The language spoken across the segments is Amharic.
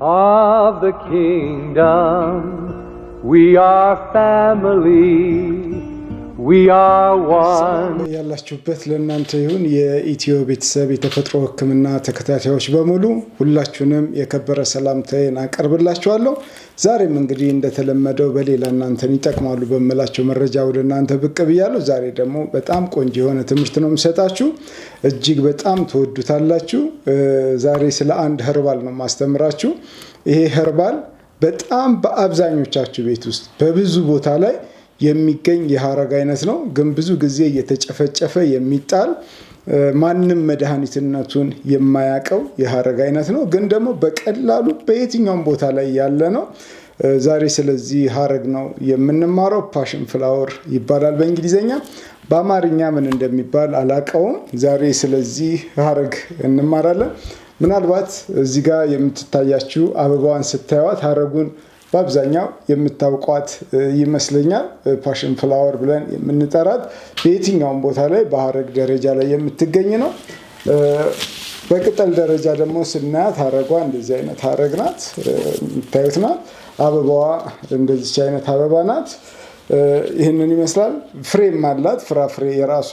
of the kingdom. We are family ያላችሁበት ለእናንተ ይሁን። የኢትዮ ቤተሰብ የተፈጥሮ ሕክምና ተከታታዮች በሙሉ ሁላችሁንም የከበረ ሰላምታዬን አቀርብላችኋለሁ። ዛሬም እንግዲህ እንደተለመደው በሌላ እናንተን ይጠቅማሉ በምላቸው መረጃ ወደ እናንተ ብቅ ብያለሁ። ዛሬ ደግሞ በጣም ቆንጆ የሆነ ትምህርት ነው የምሰጣችሁ። እጅግ በጣም ትወዱታላችሁ። ዛሬ ስለ አንድ ኸርባል ነው ማስተምራችሁ። ይሄ ኸርባል በጣም በአብዛኞቻችሁ ቤት ውስጥ በብዙ ቦታ ላይ የሚገኝ የሀረግ አይነት ነው። ግን ብዙ ጊዜ እየተጨፈጨፈ የሚጣል ማንም መድኃኒትነቱን የማያውቀው የሀረግ አይነት ነው። ግን ደግሞ በቀላሉ በየትኛውም ቦታ ላይ ያለ ነው። ዛሬ ስለዚህ ሀረግ ነው የምንማረው። ፓሽን ፍላወር ይባላል በእንግሊዝኛ። በአማርኛ ምን እንደሚባል አላቀውም። ዛሬ ስለዚህ ሀረግ እንማራለን። ምናልባት እዚህ ጋር የምትታያችው አበባዋን ስታዩት ሀረጉን በአብዛኛው የምታውቋት ይመስለኛል። ፓሽን ፍላወር ብለን የምንጠራት በየትኛውም ቦታ ላይ በሀረግ ደረጃ ላይ የምትገኝ ነው። በቅጠል ደረጃ ደግሞ ስናያት ሀረጓ እንደዚህ አይነት ሀረግ ናት፣ የምታዩት ናት። አበባዋ እንደዚች አይነት አበባ ናት። ይህንን ይመስላል። ፍሬም አላት። ፍራፍሬ የራሷ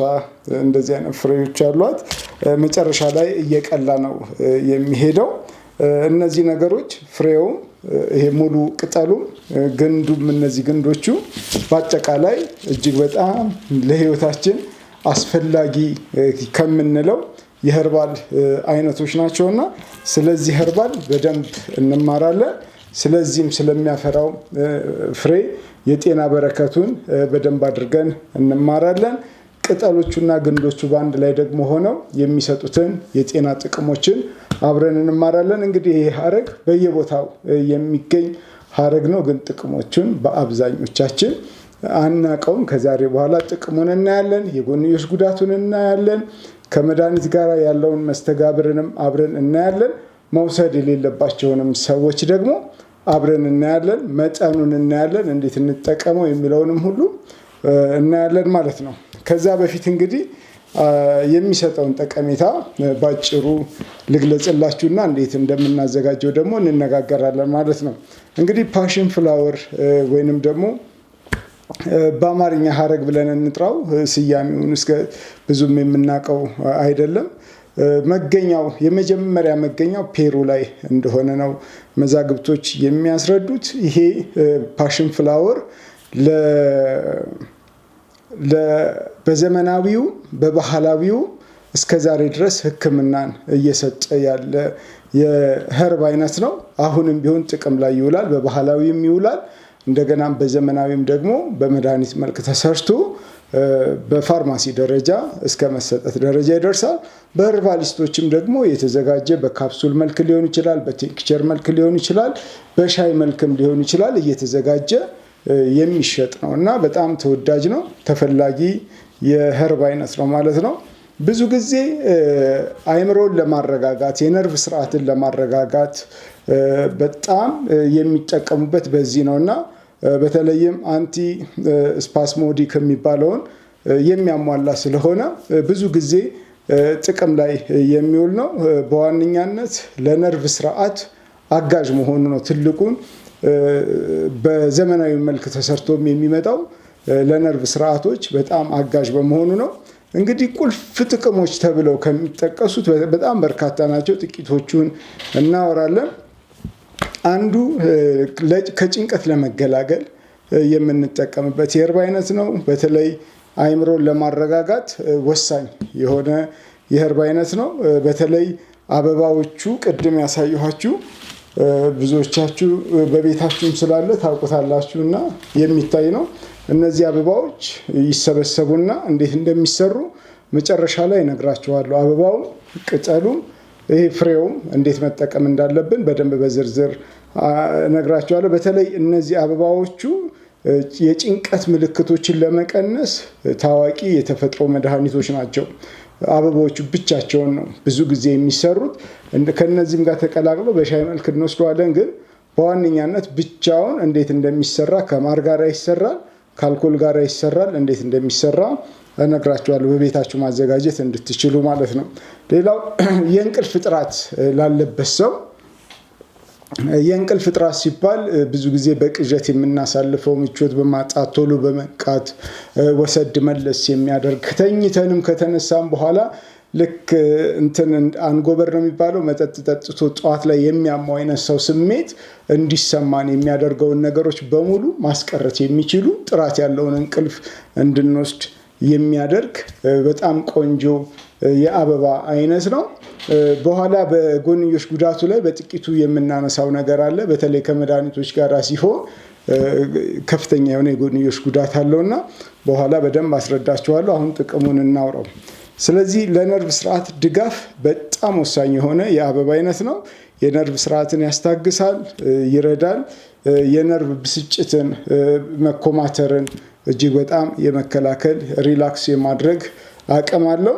እንደዚህ አይነት ፍሬዎች አሏት። መጨረሻ ላይ እየቀላ ነው የሚሄደው። እነዚህ ነገሮች ፍሬውም ይሄ ሙሉ ቅጠሉ ግንዱም እነዚህ ግንዶቹ በአጠቃላይ እጅግ በጣም ለህይወታችን አስፈላጊ ከምንለው የህርባል አይነቶች ናቸውና ስለዚህ ህርባል በደንብ እንማራለን። ስለዚህም ስለሚያፈራው ፍሬ የጤና በረከቱን በደንብ አድርገን እንማራለን። ቅጠሎቹና ግንዶቹ በአንድ ላይ ደግሞ ሆነው የሚሰጡትን የጤና ጥቅሞችን አብረን እንማራለን። እንግዲህ ይህ ሀረግ በየቦታው የሚገኝ ሀረግ ነው፣ ግን ጥቅሞቹን በአብዛኞቻችን አናቀውም። ከዛሬ በኋላ ጥቅሙን እናያለን፣ የጎንዮሽ ጉዳቱን እናያለን፣ ከመድኃኒት ጋር ያለውን መስተጋብርንም አብረን እናያለን። መውሰድ የሌለባቸውንም ሰዎች ደግሞ አብረን እናያለን፣ መጠኑን እናያለን፣ እንዴት እንጠቀመው የሚለውንም ሁሉ እናያለን ማለት ነው። ከዛ በፊት እንግዲህ የሚሰጠውን ጠቀሜታ ባጭሩ ልግለጽላችሁና እንዴት እንደምናዘጋጀው ደግሞ እንነጋገራለን ማለት ነው። እንግዲህ ፓሽን ፍላወር ወይንም ደግሞ በአማርኛ ሀረግ ብለን እንጥራው፣ ስያሜውን እስከ ብዙም የምናውቀው አይደለም። መገኛው የመጀመሪያ መገኛው ፔሩ ላይ እንደሆነ ነው መዛግብቶች የሚያስረዱት። ይሄ ፓሽን ፍላወር በዘመናዊው በባህላዊው እስከ ዛሬ ድረስ ሕክምናን እየሰጠ ያለ የህርብ አይነት ነው። አሁንም ቢሆን ጥቅም ላይ ይውላል። በባህላዊም ይውላል። እንደገናም በዘመናዊም ደግሞ በመድኃኒት መልክ ተሰርቶ በፋርማሲ ደረጃ እስከ መሰጠት ደረጃ ይደርሳል። በህርባሊስቶችም ደግሞ የተዘጋጀ በካፕሱል መልክ ሊሆን ይችላል፣ በቲንክቸር መልክ ሊሆን ይችላል፣ በሻይ መልክም ሊሆን ይችላል እየተዘጋጀ የሚሸጥ ነው እና በጣም ተወዳጅ ነው፣ ተፈላጊ የኸርብ አይነት ነው ማለት ነው። ብዙ ጊዜ አይምሮን ለማረጋጋት የነርቭ ስርዓትን ለማረጋጋት በጣም የሚጠቀሙበት በዚህ ነው እና በተለይም አንቲ ስፓስሞዲክ የሚባለውን የሚያሟላ ስለሆነ ብዙ ጊዜ ጥቅም ላይ የሚውል ነው። በዋነኛነት ለነርቭ ስርዓት አጋዥ መሆኑ ነው ትልቁን በዘመናዊ መልክ ተሰርቶም የሚመጣው ለነርቭ ስርዓቶች በጣም አጋዥ በመሆኑ ነው። እንግዲህ ቁልፍ ጥቅሞች ተብለው ከሚጠቀሱት በጣም በርካታ ናቸው። ጥቂቶቹን እናወራለን። አንዱ ከጭንቀት ለመገላገል የምንጠቀምበት የህርብ አይነት ነው። በተለይ አይምሮን ለማረጋጋት ወሳኝ የሆነ የህርብ አይነት ነው። በተለይ አበባዎቹ ቅድም ያሳየኋችሁ ብዙዎቻችሁ በቤታችሁም ስላለ ታውቁታላችሁ እና የሚታይ ነው። እነዚህ አበባዎች ይሰበሰቡና እንዴት እንደሚሰሩ መጨረሻ ላይ እነግራችኋለሁ። አበባውም ቅጠሉም ይህ ፍሬውም እንዴት መጠቀም እንዳለብን በደንብ በዝርዝር እነግራችኋለሁ። በተለይ እነዚህ አበባዎቹ የጭንቀት ምልክቶችን ለመቀነስ ታዋቂ የተፈጥሮ መድኃኒቶች ናቸው። አበባዎቹ ብቻቸውን ነው ብዙ ጊዜ የሚሰሩት። ከነዚህም ጋር ተቀላቅሎ በሻይ መልክ እንወስደዋለን። ግን በዋነኛነት ብቻውን እንዴት እንደሚሰራ ከማር ጋር ይሰራል። ከአልኮል ጋር ይሰራል። እንዴት እንደሚሰራ እነግራችኋለሁ። በቤታችሁ ማዘጋጀት እንድትችሉ ማለት ነው። ሌላው የእንቅልፍ ጥራት ላለበት ሰው የእንቅልፍ ጥራት ሲባል ብዙ ጊዜ በቅዠት የምናሳልፈው ምቾት በማጣት ቶሎ በመንቃት ወሰድ መለስ የሚያደርግ ተኝተንም ከተነሳም በኋላ ልክ እንትን አንጎበር ነው የሚባለው መጠጥ ጠጥቶ ጠዋት ላይ የሚያማው አይነት ሰው ስሜት እንዲሰማን የሚያደርገውን ነገሮች በሙሉ ማስቀረት የሚችሉ ጥራት ያለውን እንቅልፍ እንድንወስድ የሚያደርግ በጣም ቆንጆ የአበባ አይነት ነው። በኋላ በጎንዮሽ ጉዳቱ ላይ በጥቂቱ የምናነሳው ነገር አለ። በተለይ ከመድኃኒቶች ጋር ሲሆን ከፍተኛ የሆነ የጎንዮሽ ጉዳት አለውእና በኋላ በደንብ አስረዳችኋለሁ። አሁን ጥቅሙን እናውረው። ስለዚህ ለነርቭ ስርዓት ድጋፍ በጣም ወሳኝ የሆነ የአበባ አይነት ነው። የነርቭ ስርዓትን ያስታግሳል፣ ይረዳል። የነርቭ ብስጭትን፣ መኮማተርን እጅግ በጣም የመከላከል ሪላክስ የማድረግ አቅም አለው።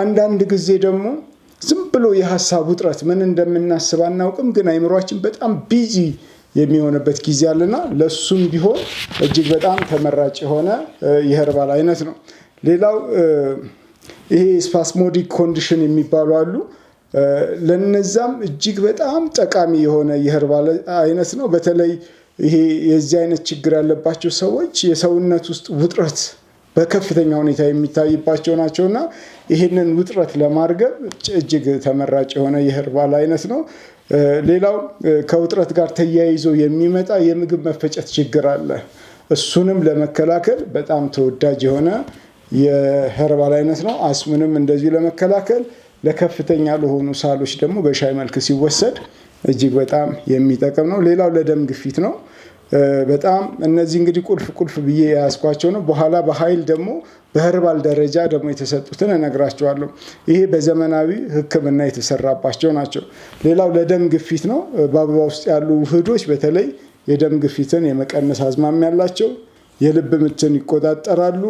አንዳንድ ጊዜ ደግሞ ዝም ብሎ የሀሳብ ውጥረት ምን እንደምናስብ አናውቅም፣ ግን አይምሯችን በጣም ቢዚ የሚሆንበት ጊዜ አለና ለሱም ቢሆን እጅግ በጣም ተመራጭ የሆነ የህርባል አይነት ነው። ሌላው ይሄ ስፓስሞዲክ ኮንዲሽን የሚባሉ አሉ። ለነዛም እጅግ በጣም ጠቃሚ የሆነ የህርባል አይነት ነው። በተለይ ይሄ የዚህ አይነት ችግር ያለባቸው ሰዎች የሰውነት ውስጥ ውጥረት በከፍተኛ ሁኔታ የሚታይባቸው ናቸው እና ይህንን ውጥረት ለማርገብ እጅግ ተመራጭ የሆነ የህርባል አይነት ነው። ሌላው ከውጥረት ጋር ተያይዞ የሚመጣ የምግብ መፈጨት ችግር አለ። እሱንም ለመከላከል በጣም ተወዳጅ የሆነ የኸርባል አይነት ነው። አስምንም እንደዚህ ለመከላከል ለከፍተኛ ለሆኑ ሳሎች ደግሞ በሻይ መልክ ሲወሰድ እጅግ በጣም የሚጠቅም ነው። ሌላው ለደም ግፊት ነው። በጣም እነዚህ እንግዲህ ቁልፍ ቁልፍ ብዬ የያዝኳቸው ነው። በኋላ በኃይል ደግሞ በኸርባል ደረጃ ደግሞ የተሰጡትን እነግራቸዋለሁ። ይሄ በዘመናዊ ሕክምና የተሰራባቸው ናቸው። ሌላው ለደም ግፊት ነው። በአበባ ውስጥ ያሉ ውህዶች በተለይ የደም ግፊትን የመቀነስ አዝማሚያ ያላቸው የልብ ምትን ይቆጣጠራሉ።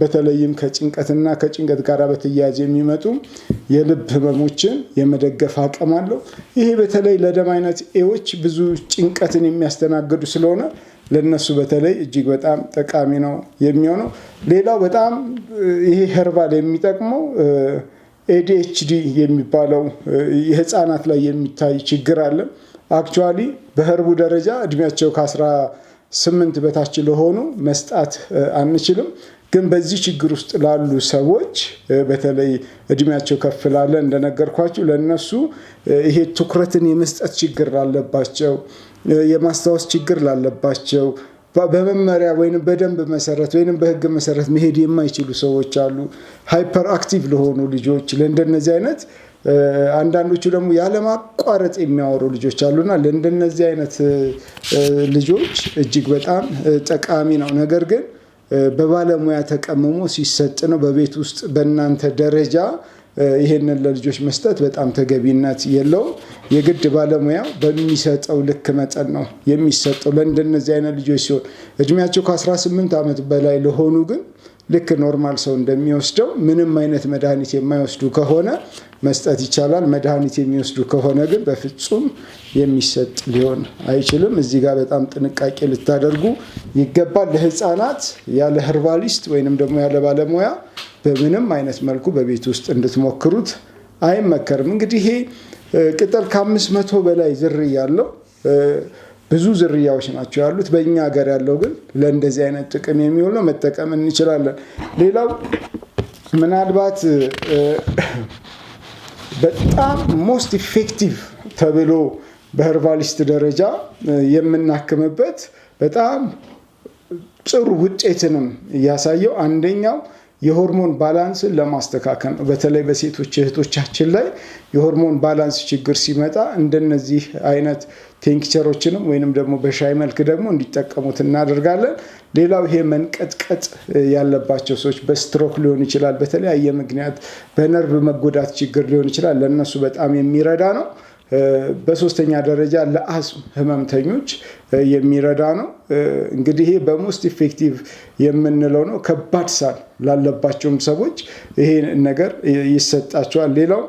በተለይም ከጭንቀትና ከጭንቀት ጋር በተያያዘ የሚመጡ የልብ ህመሞችን የመደገፍ አቅም አለው። ይሄ በተለይ ለደም አይነት ኤዎች ብዙ ጭንቀትን የሚያስተናግዱ ስለሆነ ለነሱ በተለይ እጅግ በጣም ጠቃሚ ነው የሚሆነው። ሌላው በጣም ይሄ ሄርባል የሚጠቅመው ኤዲኤችዲ የሚባለው የህፃናት ላይ የሚታይ ችግር አለ። አክቹዋሊ በህርቡ ደረጃ እድሜያቸው ከአስራ ስምንት በታች ለሆኑ መስጣት አንችልም። ግን በዚህ ችግር ውስጥ ላሉ ሰዎች በተለይ እድሜያቸው ከፍ ላለ ለነሱ ይሄ ትኩረትን የመስጠት ችግር ላለባቸው፣ የማስታወስ ችግር ላለባቸው በመመሪያ ወይም በደንብ መሰረት ወይም በህግ መሰረት መሄድ የማይችሉ ሰዎች አሉ። ሃይፐር አክቲቭ ለሆኑ ልጆች ለእንደነዚህ አይነት አንዳንዶቹ ደግሞ ያለማቋረጥ የሚያወሩ ልጆች አሉና ለእንደነዚህ አይነት ልጆች እጅግ በጣም ጠቃሚ ነው። ነገር ግን በባለሙያ ተቀምሞ ሲሰጥ ነው። በቤት ውስጥ በእናንተ ደረጃ ይሄንን ለልጆች መስጠት በጣም ተገቢነት የለውም። የግድ ባለሙያ በሚሰጠው ልክ መጠን ነው የሚሰጠው ለእንደነዚህ አይነት ልጆች ሲሆን እድሜያቸው ከ18 ዓመት በላይ ለሆኑ ግን ልክ ኖርማል ሰው እንደሚወስደው ምንም አይነት መድኃኒት የማይወስዱ ከሆነ መስጠት ይቻላል። መድኃኒት የሚወስዱ ከሆነ ግን በፍጹም የሚሰጥ ሊሆን አይችልም። እዚህ ጋር በጣም ጥንቃቄ ልታደርጉ ይገባል። ለህፃናት ያለ ህርባሊስት ወይንም ደግሞ ያለ ባለሙያ በምንም አይነት መልኩ በቤት ውስጥ እንድትሞክሩት አይመከርም። እንግዲህ ይሄ ቅጠል ከአምስት መቶ በላይ ዝርያ ያለው ብዙ ዝርያዎች ናቸው ያሉት። በእኛ ሀገር ያለው ግን ለእንደዚህ አይነት ጥቅም የሚውል ነው፣ መጠቀም እንችላለን። ሌላው ምናልባት በጣም ሞስት ኢፌክቲቭ ተብሎ በሄርባሊስት ደረጃ የምናክምበት በጣም ጥሩ ውጤትንም እያሳየው አንደኛው የሆርሞን ባላንስን ለማስተካከል ነው። በተለይ በሴቶች እህቶቻችን ላይ የሆርሞን ባላንስ ችግር ሲመጣ እንደነዚህ አይነት ቴንክቸሮችንም ወይንም ደግሞ በሻይ መልክ ደግሞ እንዲጠቀሙት እናደርጋለን። ሌላው ይሄ መንቀጥቀጥ ያለባቸው ሰዎች በስትሮክ ሊሆን ይችላል፣ በተለያየ ምክንያት በነርቭ መጎዳት ችግር ሊሆን ይችላል። ለእነሱ በጣም የሚረዳ ነው። በሶስተኛ ደረጃ ለአስም ህመምተኞች የሚረዳ ነው። እንግዲህ ይሄ በሞስት ኢፌክቲቭ የምንለው ነው። ከባድ ሳል ላለባቸውም ሰዎች ይሄ ነገር ይሰጣቸዋል። ሌላው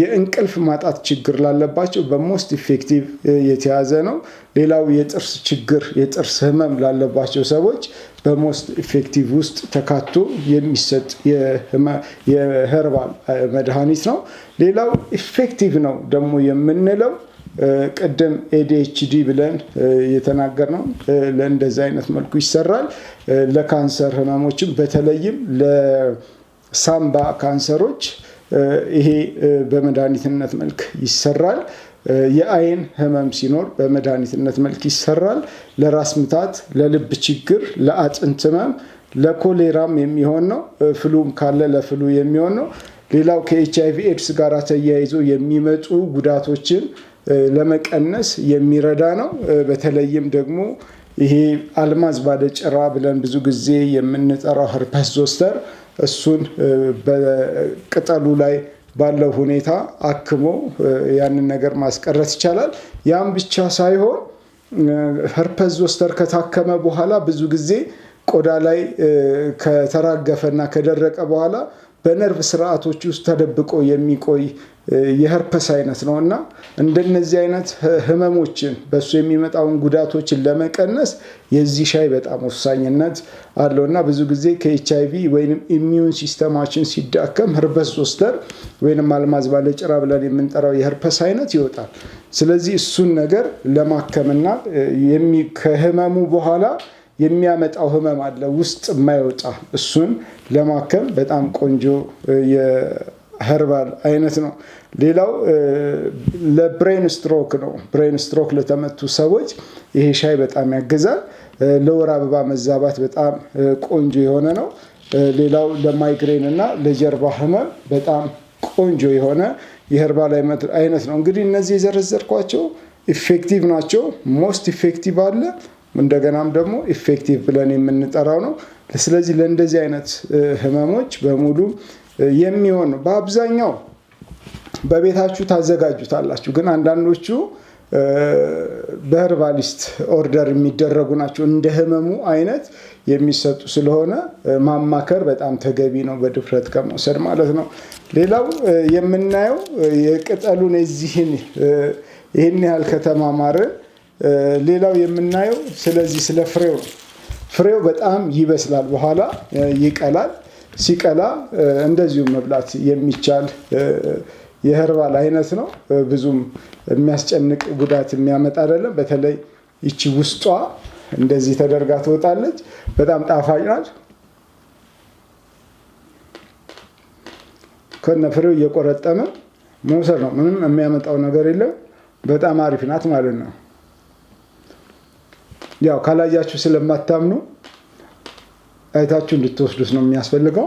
የእንቅልፍ ማጣት ችግር ላለባቸው በሞስት ኢፌክቲቭ የተያዘ ነው። ሌላው የጥርስ ችግር የጥርስ ህመም ላለባቸው ሰዎች በሞስት ኢፌክቲቭ ውስጥ ተካቶ የሚሰጥ የኸርባል መድኃኒት ነው። ሌላው ኢፌክቲቭ ነው ደግሞ የምንለው ቅድም ኤዲኤችዲ ብለን የተናገር ነው። ለእንደዚህ አይነት መልኩ ይሰራል። ለካንሰር ህመሞችም በተለይም ለሳምባ ካንሰሮች ይሄ በመድኃኒትነት መልክ ይሰራል። የአይን ህመም ሲኖር በመድኃኒትነት መልክ ይሰራል። ለራስ ምታት፣ ለልብ ችግር፣ ለአጥንት ህመም፣ ለኮሌራም የሚሆን ነው። ፍሉም ካለ ለፍሉ የሚሆን ነው። ሌላው ከኤች አይቪ ኤድስ ጋር ተያይዞ የሚመጡ ጉዳቶችን ለመቀነስ የሚረዳ ነው። በተለይም ደግሞ ይሄ አልማዝ ባለ ጭራ ብለን ብዙ ጊዜ የምንጠራው ህርፐስ ዞስተር እሱን በቅጠሉ ላይ ባለው ሁኔታ አክሞ ያንን ነገር ማስቀረት ይቻላል። ያም ብቻ ሳይሆን ሄርፐስ ዞስተር ከታከመ በኋላ ብዙ ጊዜ ቆዳ ላይ ከተራገፈና ከደረቀ በኋላ በነርቭ ስርዓቶች ውስጥ ተደብቆ የሚቆይ የህርፐስ አይነት ነው እና እንደነዚህ አይነት ህመሞችን በሱ የሚመጣውን ጉዳቶችን ለመቀነስ የዚህ ሻይ በጣም ወሳኝነት አለው እና ብዙ ጊዜ ከኤች አይ ቪ ወይም ኢሚዩን ሲስተማችን ሲዳከም ህርበስ ሶስተር ወይም አልማዝ ባለጭራ ብለን የምንጠራው የህርፐስ አይነት ይወጣል። ስለዚህ እሱን ነገር ለማከምና ከህመሙ በኋላ የሚያመጣው ህመም አለ ውስጥ የማይወጣ እሱን ለማከም በጣም ቆንጆ የኸርባል አይነት ነው። ሌላው ለብሬን ስትሮክ ነው። ብሬን ስትሮክ ለተመቱ ሰዎች ይሄ ሻይ በጣም ያግዛል። ለወር አበባ መዛባት በጣም ቆንጆ የሆነ ነው። ሌላው ለማይግሬን እና ለጀርባ ህመም በጣም ቆንጆ የሆነ የህርባል አይነት ነው። እንግዲህ እነዚህ የዘረዘርኳቸው ኢፌክቲቭ ናቸው። ሞስት ኢፌክቲቭ አለ እንደገናም ደግሞ ኢፌክቲቭ ብለን የምንጠራው ነው። ስለዚህ ለእንደዚህ አይነት ህመሞች በሙሉ የሚሆን ነው። በአብዛኛው በቤታችሁ ታዘጋጁታላችሁ። ግን አንዳንዶቹ በህርባሊስት ኦርደር የሚደረጉ ናቸው። እንደ ህመሙ አይነት የሚሰጡ ስለሆነ ማማከር በጣም ተገቢ ነው፣ በድፍረት ከመውሰድ ማለት ነው። ሌላው የምናየው የቅጠሉን የዚህን ይህን ያህል ከተማማርን ሌላው የምናየው ስለዚህ ስለ ፍሬው ነው። ፍሬው በጣም ይበስላል፣ በኋላ ይቀላል። ሲቀላ እንደዚሁም መብላት የሚቻል የህርባል አይነት ነው። ብዙም የሚያስጨንቅ ጉዳት የሚያመጣ አይደለም። በተለይ ይቺ ውስጧ እንደዚህ ተደርጋ ትወጣለች። በጣም ጣፋጭ ናት። ከነ ፍሬው እየቆረጠመ መውሰድ ነው። ምንም የሚያመጣው ነገር የለም። በጣም አሪፍ ናት ማለት ነው። ያው ካላያችሁ ስለማታምኑ አይታችሁ እንድትወስዱት ነው የሚያስፈልገው።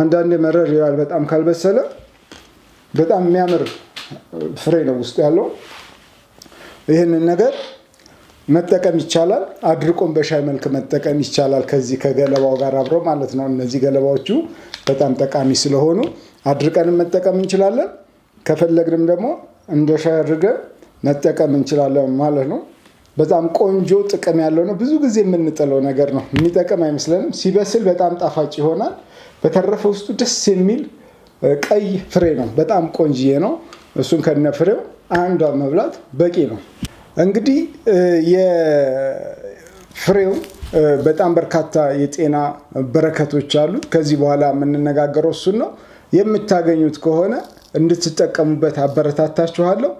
አንዳንድ መረር ይላል በጣም ካልበሰለ። በጣም የሚያምር ፍሬ ነው ውስጥ ያለው። ይህንን ነገር መጠቀም ይቻላል። አድርቆን በሻይ መልክ መጠቀም ይቻላል። ከዚህ ከገለባው ጋር አብሮ ማለት ነው። እነዚህ ገለባዎቹ በጣም ጠቃሚ ስለሆኑ አድርቀንም መጠቀም እንችላለን። ከፈለግንም ደግሞ እንደ ሻይ አድርገን መጠቀም እንችላለን ማለት ነው። በጣም ቆንጆ ጥቅም ያለው ነው። ብዙ ጊዜ የምንጥለው ነገር ነው፣ የሚጠቅም አይመስለንም። ሲበስል በጣም ጣፋጭ ይሆናል። በተረፈ ውስጡ ደስ የሚል ቀይ ፍሬ ነው። በጣም ቆንጅዬ ነው። እሱን ከነ ፍሬው አንዷ መብላት በቂ ነው። እንግዲህ የፍሬው በጣም በርካታ የጤና በረከቶች አሉት። ከዚህ በኋላ የምንነጋገረው እሱን ነው። የምታገኙት ከሆነ እንድትጠቀሙበት አበረታታችኋለሁ።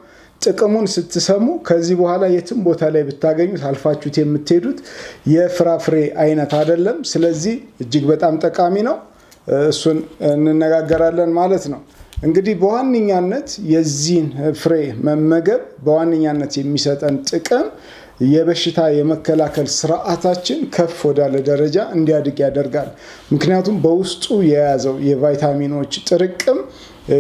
ጥቅሙን ስትሰሙ ከዚህ በኋላ የትም ቦታ ላይ ብታገኙት አልፋችሁት የምትሄዱት የፍራፍሬ አይነት አይደለም። ስለዚህ እጅግ በጣም ጠቃሚ ነው። እሱን እንነጋገራለን ማለት ነው። እንግዲህ በዋነኛነት የዚህን ፍሬ መመገብ በዋነኛነት የሚሰጠን ጥቅም የበሽታ የመከላከል ስርዓታችን ከፍ ወዳለ ደረጃ እንዲያድግ ያደርጋል። ምክንያቱም በውስጡ የያዘው የቫይታሚኖች ጥርቅም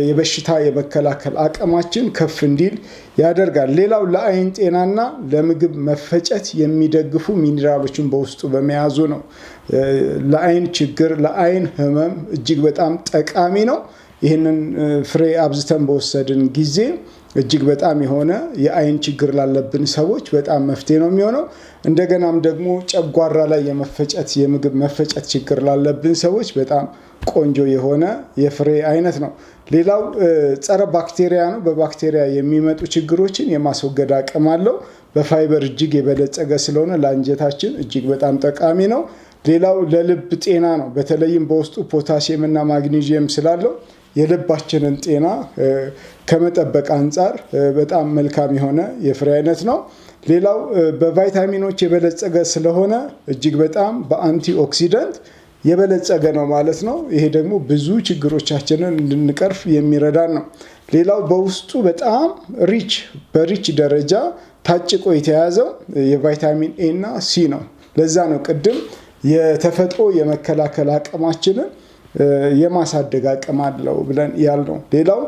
የበሽታ የመከላከል አቅማችን ከፍ እንዲል ያደርጋል። ሌላው ለአይን ጤናና ለምግብ መፈጨት የሚደግፉ ሚኒራሎችን በውስጡ በመያዙ ነው። ለአይን ችግር፣ ለአይን ህመም እጅግ በጣም ጠቃሚ ነው። ይህንን ፍሬ አብዝተን በወሰድን ጊዜ እጅግ በጣም የሆነ የአይን ችግር ላለብን ሰዎች በጣም መፍትሄ ነው የሚሆነው። እንደገናም ደግሞ ጨጓራ ላይ የመፈጨት የምግብ መፈጨት ችግር ላለብን ሰዎች በጣም ቆንጆ የሆነ የፍሬ አይነት ነው። ሌላው ጸረ ባክቴሪያ ነው። በባክቴሪያ የሚመጡ ችግሮችን የማስወገድ አቅም አለው። በፋይበር እጅግ የበለጸገ ስለሆነ ለአንጀታችን እጅግ በጣም ጠቃሚ ነው። ሌላው ለልብ ጤና ነው። በተለይም በውስጡ ፖታሲየም እና ማግኒዥየም ስላለው የልባችንን ጤና ከመጠበቅ አንጻር በጣም መልካም የሆነ የፍሬ አይነት ነው። ሌላው በቫይታሚኖች የበለጸገ ስለሆነ እጅግ በጣም በአንቲ ኦክሲደንት የበለጸገ ነው ማለት ነው። ይሄ ደግሞ ብዙ ችግሮቻችንን እንድንቀርፍ የሚረዳን ነው። ሌላው በውስጡ በጣም ሪች በሪች ደረጃ ታጭቆ የተያዘው የቫይታሚን ኤ እና ሲ ነው። ለዛ ነው ቅድም የተፈጥሮ የመከላከል አቅማችንን የማሳደግ አቅም አለው ብለን ነው። ሌላው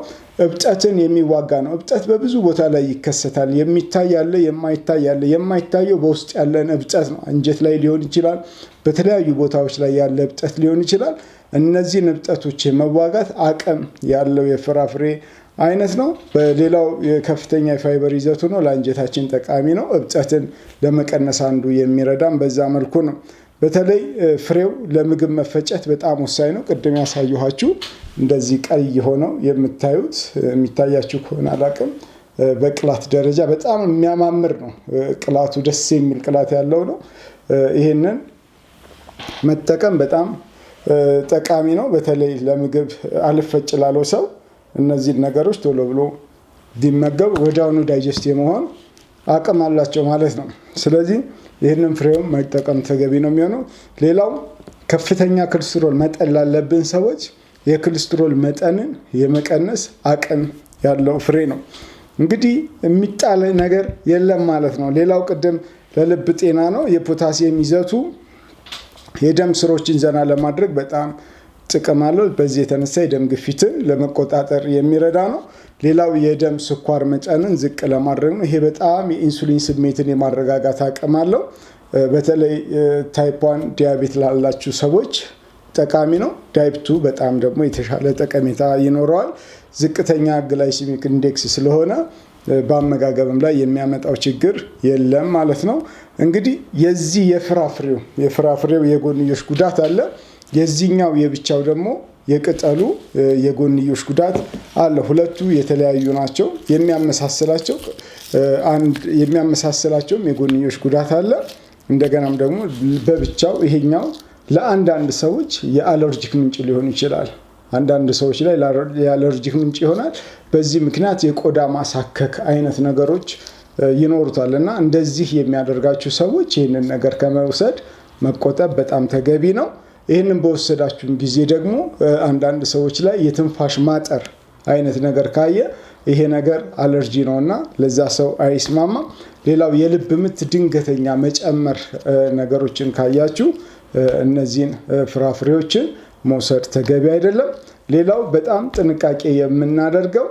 እብጠትን የሚዋጋ ነው። እብጠት በብዙ ቦታ ላይ ይከሰታል። የሚታይ ያለ፣ የማይታይ ያለ። የማይታየው በውስጥ ያለን እብጠት ነው። አንጀት ላይ ሊሆን ይችላል። በተለያዩ ቦታዎች ላይ ያለ እብጠት ሊሆን ይችላል። እነዚህን እብጠቶች የመዋጋት አቅም ያለው የፍራፍሬ አይነት ነው። በሌላው ከፍተኛ የፋይበር ይዘት ሆኖ ለአንጀታችን ጠቃሚ ነው። እብጠትን ለመቀነስ አንዱ የሚረዳም በዛ መልኩ ነው። በተለይ ፍሬው ለምግብ መፈጨት በጣም ወሳኝ ነው። ቅድም ያሳየኋችሁ እንደዚህ ቀይ የሆነው የምታዩት የሚታያችሁ ከሆነ አላቅም፣ በቅላት ደረጃ በጣም የሚያማምር ነው። ቅላቱ ደስ የሚል ቅላት ያለው ነው። ይህንን መጠቀም በጣም ጠቃሚ ነው። በተለይ ለምግብ አልፈጭ ላለው ሰው እነዚህን ነገሮች ቶሎ ብሎ ቢመገብ ወዲያውኑ ዳይጀስት የመሆን አቅም አላቸው ማለት ነው። ስለዚህ ይህንን ፍሬውም መጠቀም ተገቢ ነው የሚሆነው። ሌላው ከፍተኛ ክልስትሮል መጠን ላለብን ሰዎች የክልስትሮል መጠንን የመቀነስ አቅም ያለው ፍሬ ነው። እንግዲህ የሚጣል ነገር የለም ማለት ነው። ሌላው ቅድም ለልብ ጤና ነው። የፖታሲየም ይዘቱ የደም ስሮችን ዘና ለማድረግ በጣም ጥቅም አለው። በዚህ የተነሳ የደም ግፊትን ለመቆጣጠር የሚረዳ ነው። ሌላው የደም ስኳር መጫንን ዝቅ ለማድረግ ነው። ይሄ በጣም የኢንሱሊን ስሜትን የማረጋጋት አቅም አለው። በተለይ ታይፕዋን ዲያቤት ላላችሁ ሰዎች ጠቃሚ ነው። ዳይፕቱ በጣም ደግሞ የተሻለ ጠቀሜታ ይኖረዋል። ዝቅተኛ ግላይሲሚክ ኢንዴክስ ስለሆነ በአመጋገብም ላይ የሚያመጣው ችግር የለም ማለት ነው። እንግዲህ የዚህ የፍራፍሬው የፍራፍሬው የጎንዮሽ ጉዳት አለ። የዚህኛው የብቻው ደግሞ የቅጠሉ የጎንዮሽ ጉዳት አለ። ሁለቱ የተለያዩ ናቸው። የሚያመሳስላቸው አንድ የሚያመሳስላቸውም የጎንዮሽ ጉዳት አለ። እንደገናም ደግሞ በብቻው ይሄኛው ለአንዳንድ ሰዎች የአለርጂክ ምንጭ ሊሆን ይችላል። አንዳንድ ሰዎች ላይ የአለርጂክ ምንጭ ይሆናል። በዚህ ምክንያት የቆዳ ማሳከክ አይነት ነገሮች ይኖሩታል እና እንደዚህ የሚያደርጋችሁ ሰዎች ይህንን ነገር ከመውሰድ መቆጠብ በጣም ተገቢ ነው። ይህንን በወሰዳችሁን ጊዜ ደግሞ አንዳንድ ሰዎች ላይ የትንፋሽ ማጠር አይነት ነገር ካየ ይሄ ነገር አለርጂ ነው እና ለዛ ሰው አይስማማም። ሌላው የልብ ምት ድንገተኛ መጨመር ነገሮችን ካያችሁ እነዚህን ፍራፍሬዎችን መውሰድ ተገቢ አይደለም። ሌላው በጣም ጥንቃቄ የምናደርገው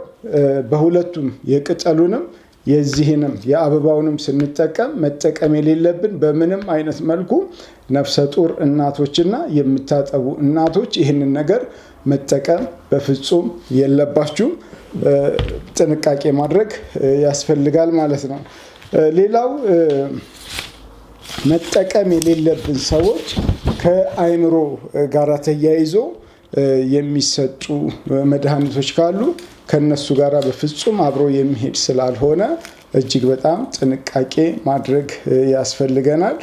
በሁለቱም የቅጠሉንም የዚህንም የአበባውንም ስንጠቀም መጠቀም የሌለብን በምንም አይነት መልኩ ነፍሰ ጡር እናቶችና የምታጠቡ እናቶች ይህንን ነገር መጠቀም በፍጹም የለባችሁም። ጥንቃቄ ማድረግ ያስፈልጋል ማለት ነው። ሌላው መጠቀም የሌለብን ሰዎች ከአይምሮ ጋር ተያይዞ የሚሰጡ መድኃኒቶች ካሉ ከነሱ ጋር በፍጹም አብሮ የሚሄድ ስላልሆነ እጅግ በጣም ጥንቃቄ ማድረግ ያስፈልገናል።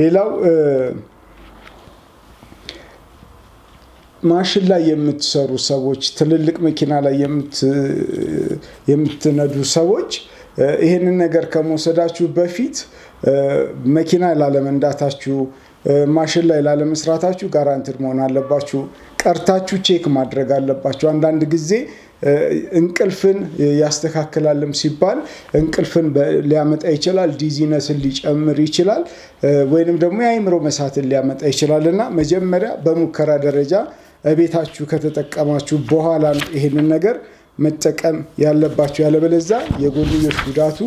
ሌላው ማሽን ላይ የምትሰሩ ሰዎች፣ ትልልቅ መኪና ላይ የምትነዱ ሰዎች ይህንን ነገር ከመውሰዳችሁ በፊት መኪና ላለመንዳታችሁ ማሽን ላይ ላለመስራታችሁ ጋራንትድ መሆን አለባችሁ። ቀርታችሁ ቼክ ማድረግ አለባቸው። አንዳንድ ጊዜ እንቅልፍን ያስተካክላልም ሲባል እንቅልፍን ሊያመጣ ይችላል፣ ዲዚነስን ሊጨምር ይችላል፣ ወይንም ደግሞ የአይምሮ መሳትን ሊያመጣ ይችላል እና መጀመሪያ በሙከራ ደረጃ ቤታችሁ ከተጠቀማችሁ በኋላ ይሄንን ነገር መጠቀም ያለባችሁ። ያለበለዛ የጎንዮሽ ጉዳቱ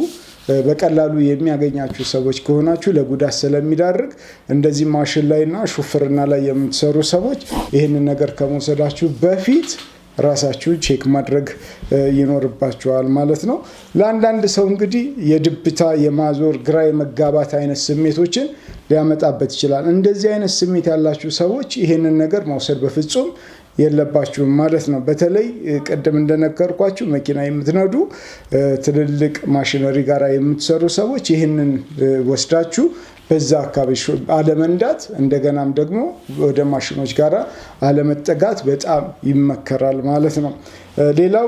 በቀላሉ የሚያገኛችሁ ሰዎች ከሆናችሁ ለጉዳት ስለሚዳርግ እንደዚህ ማሽን ላይና ሹፍርና ላይ የምትሰሩ ሰዎች ይህንን ነገር ከመውሰዳችሁ በፊት ራሳችሁ ቼክ ማድረግ ይኖርባችኋል ማለት ነው። ለአንዳንድ ሰው እንግዲህ የድብታ የማዞር ግራ የመጋባት አይነት ስሜቶችን ሊያመጣበት ይችላል። እንደዚህ አይነት ስሜት ያላችሁ ሰዎች ይህንን ነገር መውሰድ በፍጹም የለባችሁም ማለት ነው። በተለይ ቅድም እንደነገርኳችሁ መኪና የምትነዱ ትልልቅ ማሽነሪ ጋር የምትሰሩ ሰዎች ይህንን ወስዳችሁ በዛ አካባቢ አለመንዳት፣ እንደገናም ደግሞ ወደ ማሽኖች ጋር አለመጠጋት በጣም ይመከራል ማለት ነው። ሌላው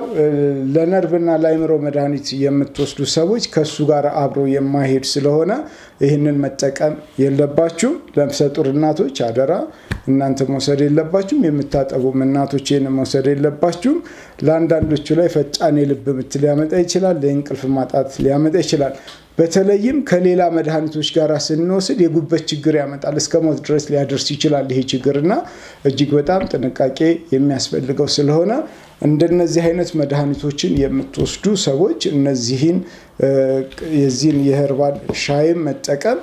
ለነርቭና ለአይምሮ መድኃኒት የምትወስዱ ሰዎች ከሱ ጋር አብሮ የማይሄድ ስለሆነ ይህንን መጠቀም የለባችሁም። ነፍሰ እናቶች አደራ እናንተ መውሰድ የለባችሁም። የምታጠቡም እናቶች ይህን መውሰድ የለባችሁም። ለአንዳንዶቹ ላይ ፈጣን የልብ ምት ሊያመጣ ይችላል። ለእንቅልፍ ማጣት ሊያመጣ ይችላል። በተለይም ከሌላ መድኃኒቶች ጋር ስንወስድ የጉበት ችግር ያመጣል። እስከ ሞት ድረስ ሊያደርስ ይችላል ይሄ ችግርና እጅግ በጣም ጥንቃቄ የሚያስፈልገው ስለሆነ እንደነዚህ አይነት መድኃኒቶችን የምትወስዱ ሰዎች እነዚህን የዚህን የህርባል ሻይም መጠቀም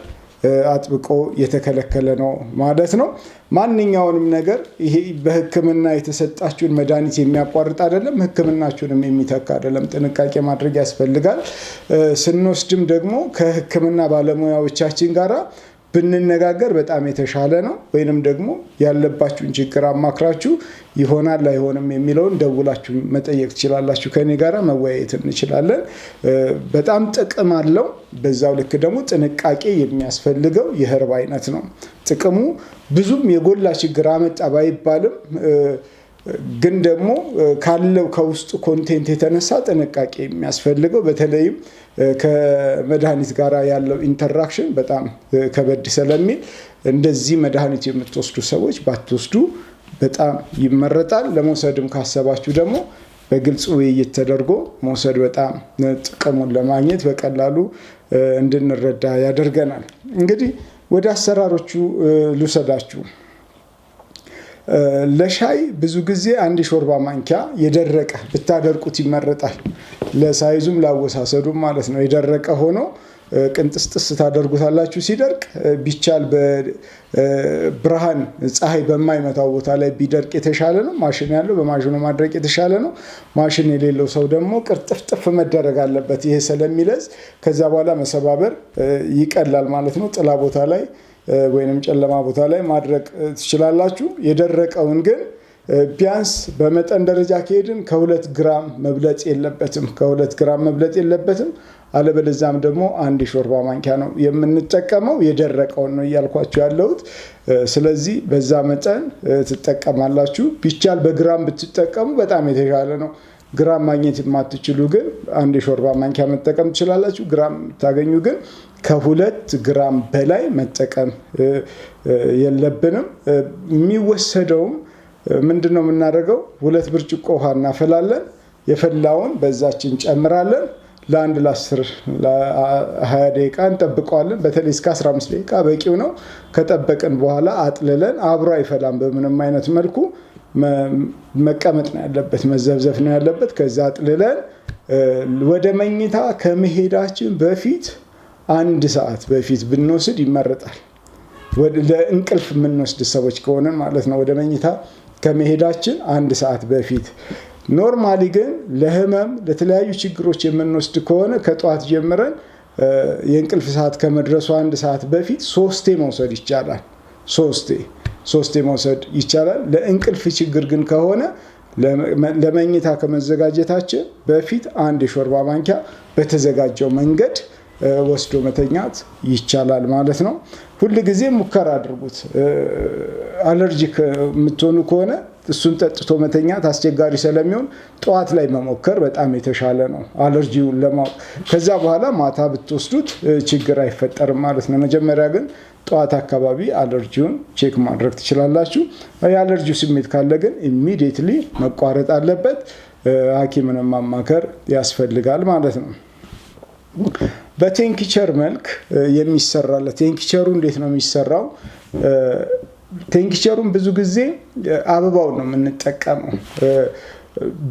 አጥብቆ የተከለከለ ነው ማለት ነው። ማንኛውንም ነገር ይሄ በሕክምና የተሰጣችሁን መድኃኒት የሚያቋርጥ አይደለም፣ ሕክምናችሁንም የሚተካ አይደለም። ጥንቃቄ ማድረግ ያስፈልጋል። ስንወስድም ደግሞ ከሕክምና ባለሙያዎቻችን ጋራ ብንነጋገር በጣም የተሻለ ነው። ወይንም ደግሞ ያለባችሁን ችግር አማክራችሁ ይሆናል አይሆንም የሚለውን ደውላችሁ መጠየቅ ትችላላችሁ። ከኔ ጋር መወያየት እንችላለን። በጣም ጥቅም አለው። በዛው ልክ ደግሞ ጥንቃቄ የሚያስፈልገው የህርብ አይነት ነው። ጥቅሙ ብዙም የጎላ ችግር አመጣ ባይባልም ግን ደግሞ ካለው ከውስጡ ኮንቴንት የተነሳ ጥንቃቄ የሚያስፈልገው በተለይም ከመድኃኒት ጋር ያለው ኢንተራክሽን በጣም ከበድ ስለሚል እንደዚህ መድኃኒት የምትወስዱ ሰዎች ባትወስዱ በጣም ይመረጣል። ለመውሰድም ካሰባችሁ ደግሞ በግልጽ ውይይት ተደርጎ መውሰድ በጣም ጥቅሙን ለማግኘት በቀላሉ እንድንረዳ ያደርገናል። እንግዲህ ወደ አሰራሮቹ ልውሰዳችሁ። ለሻይ ብዙ ጊዜ አንድ ሾርባ ማንኪያ የደረቀ ብታደርቁት ይመረጣል። ለሳይዙም ላወሳሰዱም ማለት ነው። የደረቀ ሆኖ ቅንጥስጥስ ታደርጉታላችሁ። ሲደርቅ ቢቻል በብርሃን ፀሐይ በማይመታው ቦታ ላይ ቢደርቅ የተሻለ ነው። ማሽን ያለው በማሽኑ ማድረቅ የተሻለ ነው። ማሽን የሌለው ሰው ደግሞ ቅርጥፍጥፍ መደረግ አለበት። ይሄ ስለሚለዝ ከዛ በኋላ መሰባበር ይቀላል ማለት ነው። ጥላ ቦታ ላይ ወይንም ጨለማ ቦታ ላይ ማድረቅ ትችላላችሁ። የደረቀውን ግን ቢያንስ በመጠን ደረጃ ከሄድን ከሁለት ግራም መብለጥ የለበትም። ከሁለት ግራም መብለጥ የለበትም። አለበለዚያም ደግሞ አንድ የሾርባ ማንኪያ ነው የምንጠቀመው። የደረቀውን ነው እያልኳችሁ ያለሁት። ስለዚህ በዛ መጠን ትጠቀማላችሁ። ቢቻል በግራም ብትጠቀሙ በጣም የተሻለ ነው። ግራም ማግኘት የማትችሉ ግን አንድ የሾርባ ማንኪያ መጠቀም ትችላላችሁ። ግራም የምታገኙ ግን ከሁለት ግራም በላይ መጠቀም የለብንም። የሚወሰደውም ምንድን ነው የምናደርገው? ሁለት ብርጭቆ ውሃ እናፈላለን። የፈላውን በዛችን ጨምራለን። ለአንድ ለአስር ለሀያ ደቂቃ እንጠብቀዋለን። በተለይ እስከ 15 ደቂቃ በቂው ነው። ከጠበቅን በኋላ አጥልለን አብሮ አይፈላም። በምንም አይነት መልኩ መቀመጥ ነው ያለበት፣ መዘብዘፍ ነው ያለበት። ከዛ አጥልለን ወደ መኝታ ከመሄዳችን በፊት አንድ ሰዓት በፊት ብንወስድ ይመረጣል። ለእንቅልፍ የምንወስድ ሰዎች ከሆነ ማለት ነው። ወደ መኝታ ከመሄዳችን አንድ ሰዓት በፊት ኖርማሊ ግን ለህመም ለተለያዩ ችግሮች የምንወስድ ከሆነ ከጠዋት ጀምረን የእንቅልፍ ሰዓት ከመድረሱ አንድ ሰዓት በፊት ሶስቴ መውሰድ ይቻላል። ሶስቴ ሶስቴ መውሰድ ይቻላል። ለእንቅልፍ ችግር ግን ከሆነ ለመኝታ ከመዘጋጀታችን በፊት አንድ የሾርባ ማንኪያ በተዘጋጀው መንገድ ወስዶ መተኛት ይቻላል ማለት ነው። ሁል ጊዜ ሙከራ አድርጉት። አለርጂክ የምትሆኑ ከሆነ እሱን ጠጥቶ መተኛት አስቸጋሪ ስለሚሆን ጠዋት ላይ መሞከር በጣም የተሻለ ነው፣ አለርጂውን ለማወቅ። ከዛ በኋላ ማታ ብትወስዱት ችግር አይፈጠርም ማለት ነው። መጀመሪያ ግን ጠዋት አካባቢ አለርጂውን ቼክ ማድረግ ትችላላችሁ። የአለርጂው ስሜት ካለ ግን ኢሚዲየትሊ መቋረጥ አለበት፣ ሐኪምን ማማከር ያስፈልጋል ማለት ነው። በቴንኪቸር መልክ የሚሰራለት ቴንኪቸሩ እንዴት ነው የሚሰራው? ቴንኪቸሩን ብዙ ጊዜ አበባውን ነው የምንጠቀመው።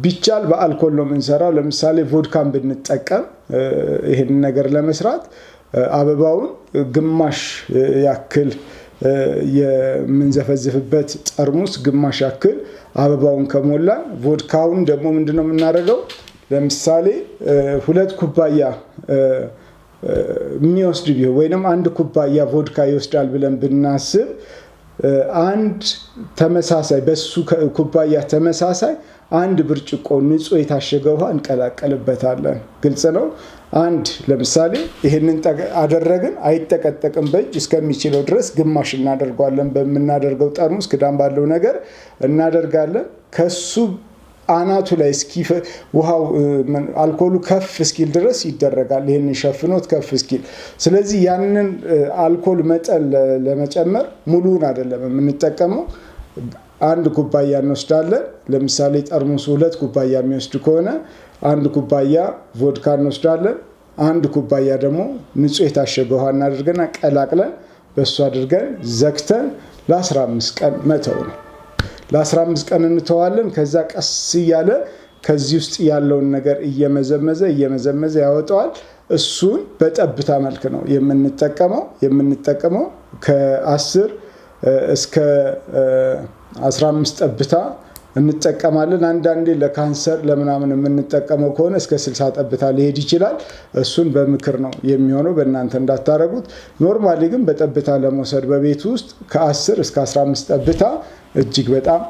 ቢቻል በአልኮል ነው የምንሰራው። ለምሳሌ ቮድካን ብንጠቀም ይህንን ነገር ለመስራት አበባውን ግማሽ ያክል የምንዘፈዝፍበት ጠርሙስ ግማሽ ያክል አበባውን ከሞላን፣ ቮድካውን ደግሞ ምንድነው የምናደርገው? ለምሳሌ ሁለት ኩባያ የሚወስድ ቢሆን ወይም አንድ ኩባያ ቮድካ ይወስዳል ብለን ብናስብ አንድ ተመሳሳይ በሱ ኩባያ ተመሳሳይ አንድ ብርጭቆ ንጹህ የታሸገ ውሃ እንቀላቀልበታለን። ግልጽ ነው። አንድ ለምሳሌ ይህንን አደረግን፣ አይጠቀጠቅም። በእጅ እስከሚችለው ድረስ ግማሽ እናደርጓለን። በምናደርገው ጠርሙስ ክዳን ባለው ነገር እናደርጋለን። ከሱ አናቱ ላይ እስኪ ውሃው አልኮሉ ከፍ እስኪል ድረስ ይደረጋል። ይህንን ሸፍኖት ከፍ እስኪል። ስለዚህ ያንን አልኮል መጠን ለመጨመር ሙሉውን አይደለም የምንጠቀመው። አንድ ኩባያ እንወስዳለን። ለምሳሌ ጠርሙሱ ሁለት ኩባያ የሚወስድ ከሆነ አንድ ኩባያ ቮድካ እንወስዳለን። አንድ ኩባያ ደግሞ ንጹህ የታሸገ ውሃ እናደርገና ቀላቅለን በእሱ አድርገን ዘግተን ለ15 ቀን መተው ነው። ለ15 ቀን እንተዋለን። ከዛ ቀስ እያለ ከዚህ ውስጥ ያለውን ነገር እየመዘመዘ እየመዘመዘ ያወጣዋል። እሱን በጠብታ መልክ ነው የምንጠቀመው የምንጠቀመው ከ10 እስከ 15 ጠብታ እንጠቀማለን። አንዳንዴ ለካንሰር ለምናምን የምንጠቀመው ከሆነ እስከ 60 ጠብታ ሊሄድ ይችላል። እሱን በምክር ነው የሚሆነው፣ በእናንተ እንዳታረጉት። ኖርማሊ ግን በጠብታ ለመውሰድ በቤት ውስጥ ከ10 እስከ 15 ጠብታ እጅግ በጣም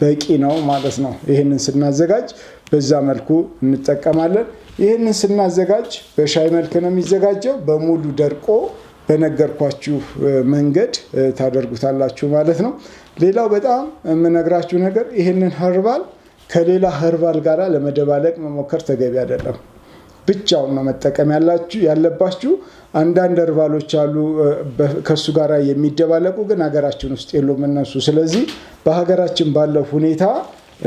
በቂ ነው ማለት ነው። ይህንን ስናዘጋጅ በዛ መልኩ እንጠቀማለን። ይህንን ስናዘጋጅ በሻይ መልክ ነው የሚዘጋጀው። በሙሉ ደርቆ በነገርኳችሁ መንገድ ታደርጉታላችሁ ማለት ነው። ሌላው በጣም የምነግራችሁ ነገር ይህንን ኸርባል ከሌላ ኸርባል ጋር ለመደባለቅ መሞከር ተገቢ አይደለም። ብቻውን ነው መጠቀም ያለባችሁ። አንዳንድ እርባሎች አሉ ከእሱ ጋር የሚደባለቁ ግን ሀገራችን ውስጥ የሉም እነሱ። ስለዚህ በሀገራችን ባለው ሁኔታ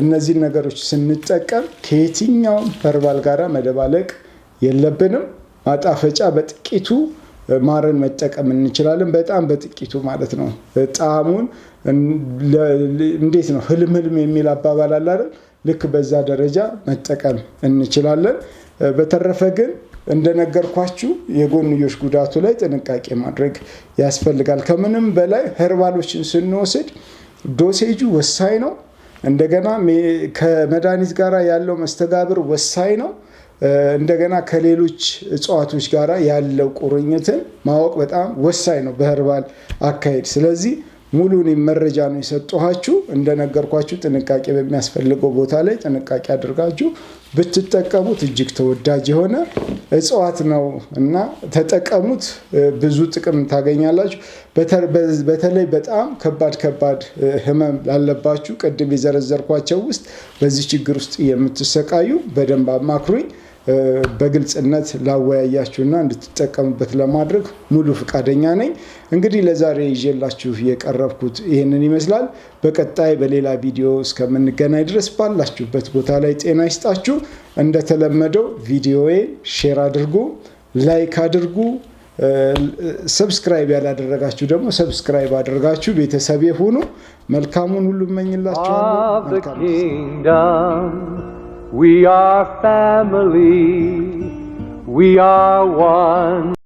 እነዚህን ነገሮች ስንጠቀም ከየትኛውም እርባል ጋር መደባለቅ የለብንም። ማጣፈጫ በጥቂቱ ማርን መጠቀም እንችላለን። በጣም በጥቂቱ ማለት ነው። ጣዕሙን እንዴት ነው ህልም ህልም የሚል አባባል አለ አይደል? ልክ በዛ ደረጃ መጠቀም እንችላለን። በተረፈ ግን እንደነገርኳችሁ የጎንዮሽ ጉዳቱ ላይ ጥንቃቄ ማድረግ ያስፈልጋል። ከምንም በላይ ሄርባሎችን ስንወስድ ዶሴጁ ወሳኝ ነው። እንደገና ከመድኃኒት ጋር ያለው መስተጋብር ወሳኝ ነው። እንደገና ከሌሎች እጽዋቶች ጋር ያለው ቁርኝትን ማወቅ በጣም ወሳኝ ነው በህርባል አካሄድ ስለዚህ ሙሉን መረጃ ነው የሰጠኋችሁ። እንደነገርኳችሁ ጥንቃቄ በሚያስፈልገው ቦታ ላይ ጥንቃቄ አድርጋችሁ ብትጠቀሙት እጅግ ተወዳጅ የሆነ እጽዋት ነው እና ተጠቀሙት። ብዙ ጥቅም ታገኛላችሁ። በተለይ በጣም ከባድ ከባድ ህመም ላለባችሁ ቅድም የዘረዘርኳቸው ውስጥ በዚህ ችግር ውስጥ የምትሰቃዩ በደንብ አማክሩኝ። በግልጽነት ላወያያችሁና እንድትጠቀሙበት ለማድረግ ሙሉ ፈቃደኛ ነኝ። እንግዲህ ለዛሬ ይዤላችሁ የቀረብኩት ይህንን ይመስላል። በቀጣይ በሌላ ቪዲዮ እስከምንገናኝ ድረስ ባላችሁበት ቦታ ላይ ጤና ይስጣችሁ። እንደተለመደው ቪዲዮዬ ሼር አድርጉ፣ ላይክ አድርጉ። ሰብስክራይብ ያላደረጋችሁ ደግሞ ሰብስክራይብ አድርጋችሁ ቤተሰቤ ሁኑ። መልካሙን ሁሉ እመኝላችኋለሁ። We are family. We are one.